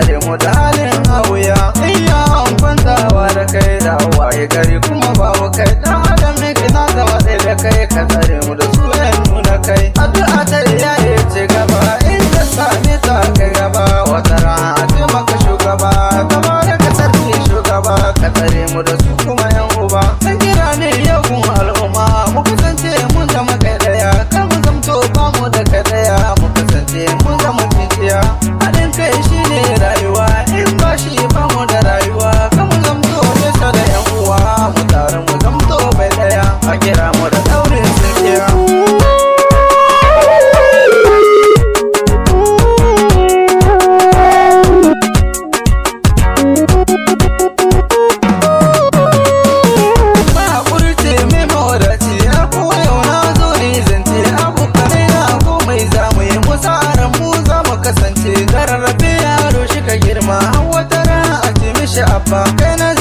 tare mu da halin hauya iya an kwantawa da kai da waye gari kuma ba wa kai dan adam ne kina da wade da kai ka tare mu da sunan nuna kai addu'a ta iyaye ce gaba in ka same ta kai gaba wata rana a ce maka shugaba gaba da ka sarki shugaba ka tare mu da su kuma yan uba sun kira ne yau kun al'umma mu kasance mun zama kai daya kar mu zamto ba mu da kai daya mu kasance mun zama kikiya shine rayuwa in ba shi ba da rayuwa kan mu zamto bisa yan uwa mu taru mu zamto bai daya a kira mu da daurin tsakiya kasance da kasance ya ma wata ran a ce mishi abba kai na